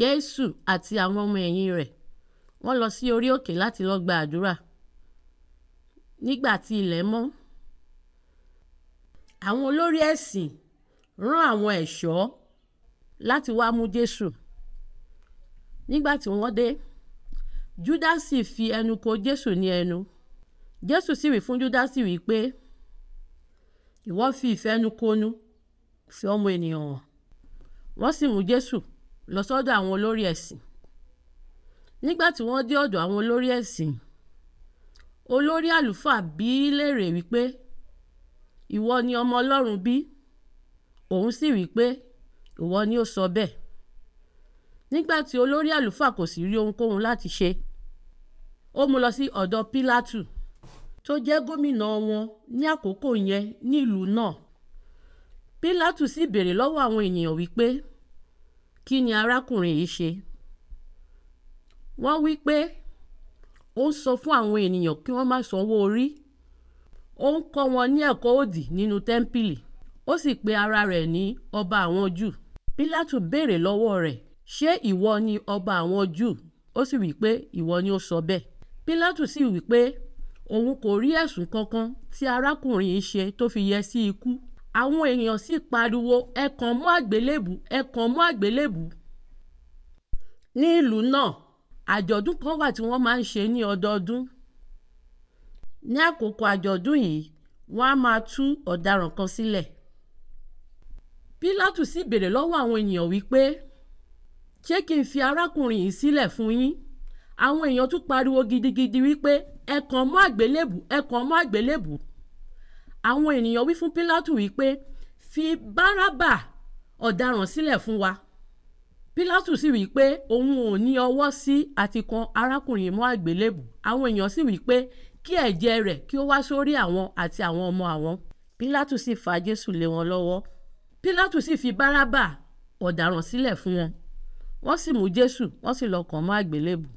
jésù àti àwọn ọmọ ẹ̀yìn rẹ̀ wọ́n lọ sí orí òkè láti lọ gba àdúrà nígbà tí ilẹ̀ mọ́ àwọn olórí ẹ̀sìn rán àwọn ẹ̀ṣọ́ láti wá mú jésù nígbà tí wọ́n dé júdásì fi ẹnu kò jésù ní ẹnu jésù sì wí fún júdásì wípé ìwọ fi ìfẹ́nukonu fi ọmọ ènìyàn hàn wọ́n sì mú jésù lọ sọ́dọ̀ àwọn olórí ẹ̀sìn nígbà tí wọ́n dé ọ̀dọ̀ àwọn olórí ẹ̀sìn olórí àlùfáà bí í léèrè wípé ìwọ ni ọmọ ọlọ́run bí òun sì wípé ìwọ ni ó sọ bẹ́ẹ̀ nígbà tí olórí àlùfáà kò sì rí ohunkóhun láti ṣe ó mú lọ sí ọ̀dọ̀ Pílátù tó jẹ́ gómìnà wọn ní àkókò yẹn nílùú náà Pílátù sì béèrè lọ́wọ́ àwọn ènìyàn wípé kí ni arákùnrin yìí ṣe wọ́n wí pé ó ń sọ fún àwọn ènìyàn kí wọ́n má sanwó orí ó ń kọ́ wọn ní ẹ̀kọ́ òdì nínú tẹ́ḿpìlì ó sì pe ara rẹ̀ ní ọba àwọn Júù Pílátù béèrè lọ́wọ́ rẹ̀ ṣé ìwọ ni ọba àwọn Júù ó sì wí pé ìwọ ni ó sọ bẹ́ẹ̀ Pílátù sì wí pé òun kò rí ẹ̀sùn kankan tí arákùnrin yìí ṣe tó fi yẹ sí ikú àwọn èèyàn sì pariwo ẹ kàn mọ́ àgbélébùú ẹ kàn mọ́ àgbélébùú. ní ìlú náà àjọ̀dún kan wà tí wọ́n máa ń ṣe ní ọdọọdún. ní àkókò àjọ̀dún yìí wọ́n á máa tú ọ̀daràn kan sílẹ̀. pílátù sì béèrè lọ́wọ́ àwọn ènìyàn wípé ṣé kí n fi arákùnrin yìí sílẹ̀ fún yín àwọn èèyàn tún pariwo gidigidi wípé ẹ kàn mọ́ àgbélébùú ẹ kàn mọ́ àgbélébùú àwọn ènìyàn wí fún pilato wípé fi bárábà ọ̀daràn sílẹ̀ fún wa pílátù sì wí pé òun ò ní ọwọ́ sí àti kan arákùnrin mọ́ àgbélébù àwọn èèyàn sì wí pé kí ẹ̀jẹ̀ rẹ̀ kí ó wá sórí àwọn àti àwọn ọmọ àwọn pílátù sì fa jésù lé wọn lọ́wọ́ pílátù sì fi bárábà ọ̀daràn sílẹ̀ fún wọn wọ́n sì mú jésù wọ́n sì lọ kàn mọ́ àgbélébù